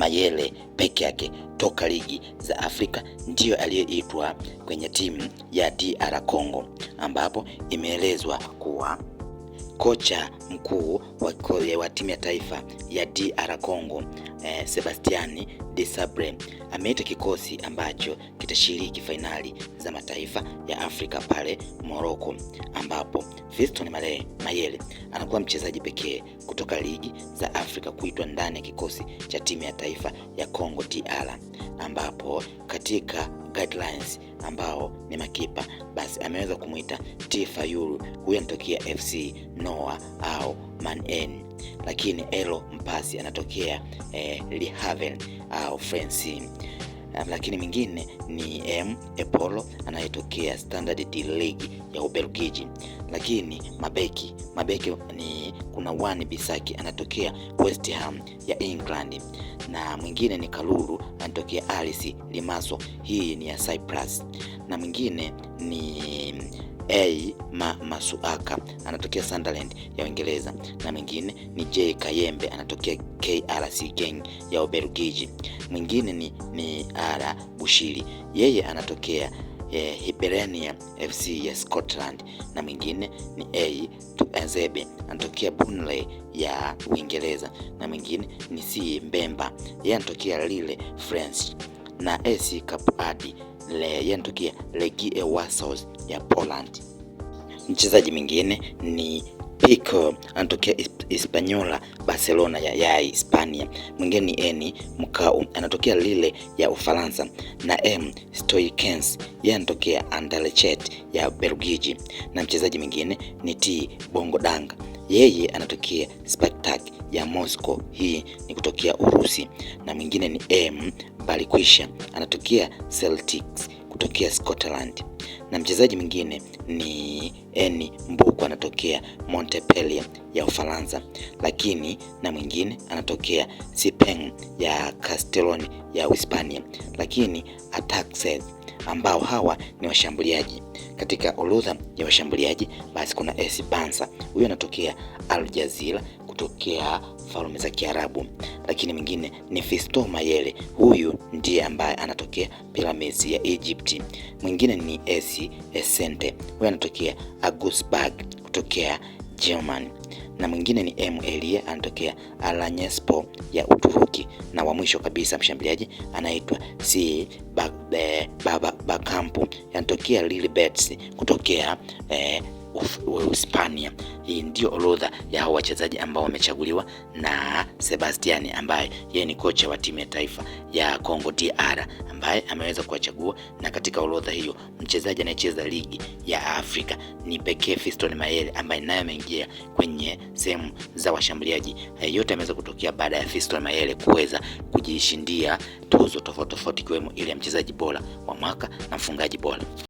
Mayele peke yake toka ligi za Afrika ndiyo aliyeitwa kwenye timu ya DR Congo, ambapo imeelezwa kuwa kocha mkuu wa timu ya taifa ya DR Congo eh, Sebastian sabre ameita kikosi ambacho kitashiriki fainali za mataifa ya Afrika pale Morocco, ambapo Fiston Mayele anakuwa mchezaji pekee kutoka ligi za Afrika kuitwa ndani ya kikosi cha timu ya taifa ya Congo DR ambapo katika guidelines ambao ni makipa basi ameweza kumwita Tifa huyu anatokea FC Noa au manen lakini Elo Mpasi anatokea eh, Lihaven au Frensi lakini mwingine ni M Epolo anayetokea Standard D League ya Ubelgiji. Lakini mabeki mabeki ni kuna Wan Bisaki anatokea West Ham ya England, na mwingine ni Kalulu anatokea Alice Limaso, hii ni ya Cyprus, na mwingine ni A ma, Masuaka anatokea Sunderland ya Uingereza, na mwingine ni J Kayembe anatokea KRC Gang ya Ubelgiji. Mwingine ni, ni Ara Bushiri, yeye anatokea ya eh, Hibernia FC ya Scotland na mwingine ni A Azebe anatokea Burnley ya Uingereza na mwingine ni C Mbemba yeye anatokea Lille France na AC Kapadi yeye anatokea Legia Warsaw ya Poland. Mchezaji mwingine ni Zico anatokea Hispaniola Barcelona ya, ya Hispania. Mwingine ni N Mkau anatokea Lille ya Ufaransa, na M Stoikens yeye anatokea Anderlecht ya Belgiji, na mchezaji mwingine ni T Bongo Danga yeye anatokea Spartak ya Moscow, hii ni kutokea Urusi, na mwingine ni M Balikwisha anatokea Celtics kutokea Scotland na mchezaji mwingine ni Eni Mbuku anatokea Montpellier ya Ufaransa, lakini na mwingine anatokea Sipeng ya Castellon ya Uhispania, lakini Ataxel ambao hawa ni washambuliaji. Katika orodha ya washambuliaji basi kuna AC Pansa, huyo anatokea Al Jazeera kutokea Falme za Kiarabu, lakini mwingine ni Fisto Mayele, huyu ndiye ambaye anatokea Pyramids ya Egypt. Mwingine ni AC Essente, huyu anatokea Augsburg kutokea Germany na mwingine ni M Elie anatokea Alanyaspor ya Uturuki, na wa mwisho kabisa mshambuliaji anaitwa C eh, Bakampu ba, ba, anatokea Lilbets kutokea eh, Uhispania. Hii ndio orodha ya hao wachezaji ambao wamechaguliwa na Sebastian ambaye yeye ni kocha wa timu ya taifa ya Congo DR ambaye ameweza kuwachagua, na katika orodha hiyo mchezaji anayecheza ligi ya Afrika ni pekee Fiston Mayele ambaye naye ameingia kwenye sehemu za washambuliaji. Hayo eh, yote ameweza kutokea baada ya Fiston Mayele kuweza kujishindia tuzo tofauti tofauti ikiwemo ile ya mchezaji bora wa mwaka na mfungaji bora.